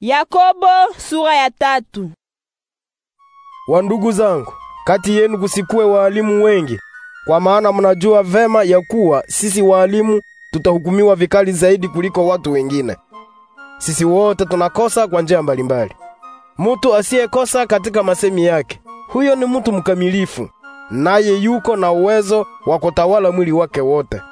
Yakobo sura ya tatu. Wandugu zangu, kati yenu kusikue waalimu wengi, kwa maana mnajua vema ya kuwa sisi waalimu tutahukumiwa vikali zaidi kuliko watu wengine. Sisi wote tunakosa kwa njia mbalimbali. Mutu asiyekosa katika masemi yake, huyo ni mutu mkamilifu, naye yuko na uwezo wa kutawala mwili wake wote.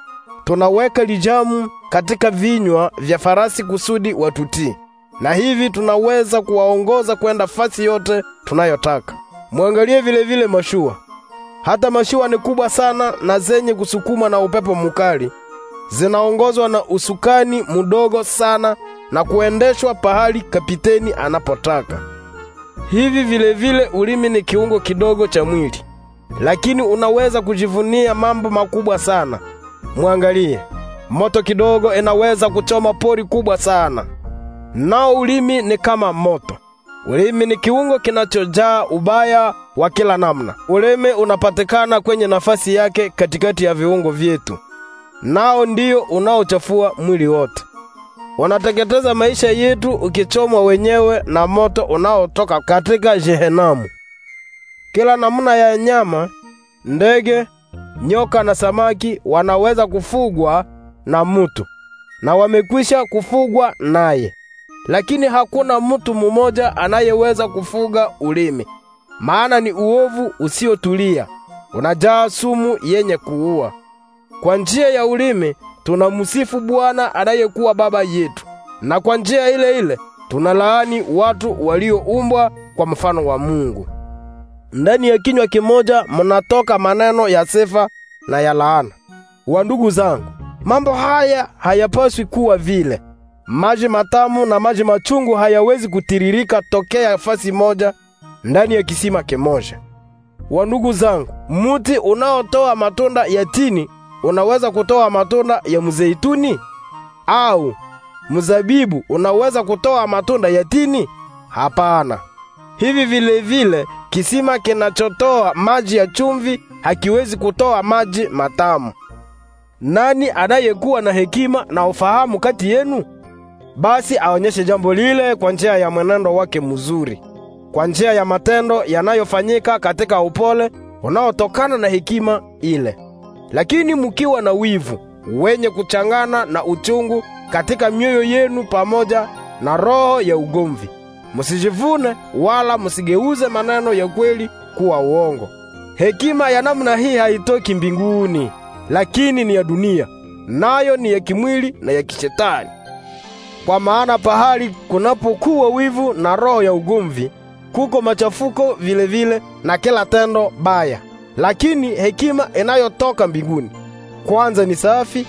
Tunaweka lijamu katika vinywa vya farasi kusudi watutii na hivi tunaweza kuwaongoza kwenda fasi yote tunayotaka. Mwangalie vilevile mashua. Hata mashua ni kubwa sana na zenye kusukuma na upepo mukali, zinaongozwa na usukani mudogo sana na kuendeshwa pahali kapiteni anapotaka. Hivi vilevile ulimi ni kiungo kidogo cha mwili, lakini unaweza kujivunia mambo makubwa sana. Mwangalie, moto kidogo inaweza kuchoma pori kubwa sana nao ulimi ni kama moto. Ulimi ni kiungo kinachojaa ubaya wa kila namna. Ulimi unapatikana kwenye nafasi yake katikati ya viungo vyetu, nao ndio unaochafua mwili wote. Unateketeza maisha yetu ukichomwa wenyewe na moto unaotoka katika Jehenamu. Kila namna ya nyama, ndege, nyoka na samaki wanaweza kufugwa na mutu na wamekwisha kufugwa naye lakini hakuna mtu mmoja anayeweza kufuga ulimi, maana ni uovu usiotulia, unajaa sumu yenye kuua. Kwa njia ya ulimi tunamsifu Bwana anayekuwa baba yetu, na kwa njia ile ile tunalaani watu walioumbwa kwa mfano wa Mungu. Ndani ya kinywa kimoja munatoka maneno ya sifa na ya laana. Wandugu zangu, mambo haya hayapaswi kuwa vile maji matamu na maji machungu hayawezi kutiririka tokea fasi moja ndani ya kisima kimoja. Wandugu zangu, muti unaotoa matunda ya tini unaweza kutoa matunda ya mzeituni? Au mzabibu unaweza kutoa matunda ya tini? Hapana. Hivi vile vile kisima kinachotoa maji ya chumvi hakiwezi kutoa maji matamu. Nani anayekuwa na hekima na ufahamu kati yenu? basi aonyeshe jambo lile kwa njia ya mwenendo wake mzuri, kwa njia ya matendo yanayofanyika katika upole unaotokana na hekima ile. Lakini mkiwa na wivu wenye kuchangana na uchungu katika mioyo yenu pamoja na roho ya ugomvi, msijivune wala msigeuze maneno ya kweli kuwa uongo. Hekima ya namna hii haitoki mbinguni, lakini ni ya dunia, nayo ni ya kimwili na ya kishetani. Kwa maana pahali kunapokuwa wivu na roho ya ugomvi, kuko machafuko vilevile vile, na kila tendo baya. Lakini hekima inayotoka mbinguni kwanza ni safi,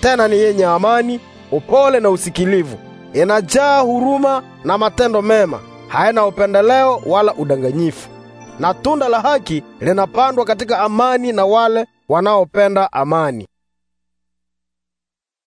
tena ni yenye amani, upole na usikilivu, inajaa huruma na matendo mema, haina upendeleo wala udanganyifu. Na tunda la haki linapandwa katika amani na wale wanaopenda amani.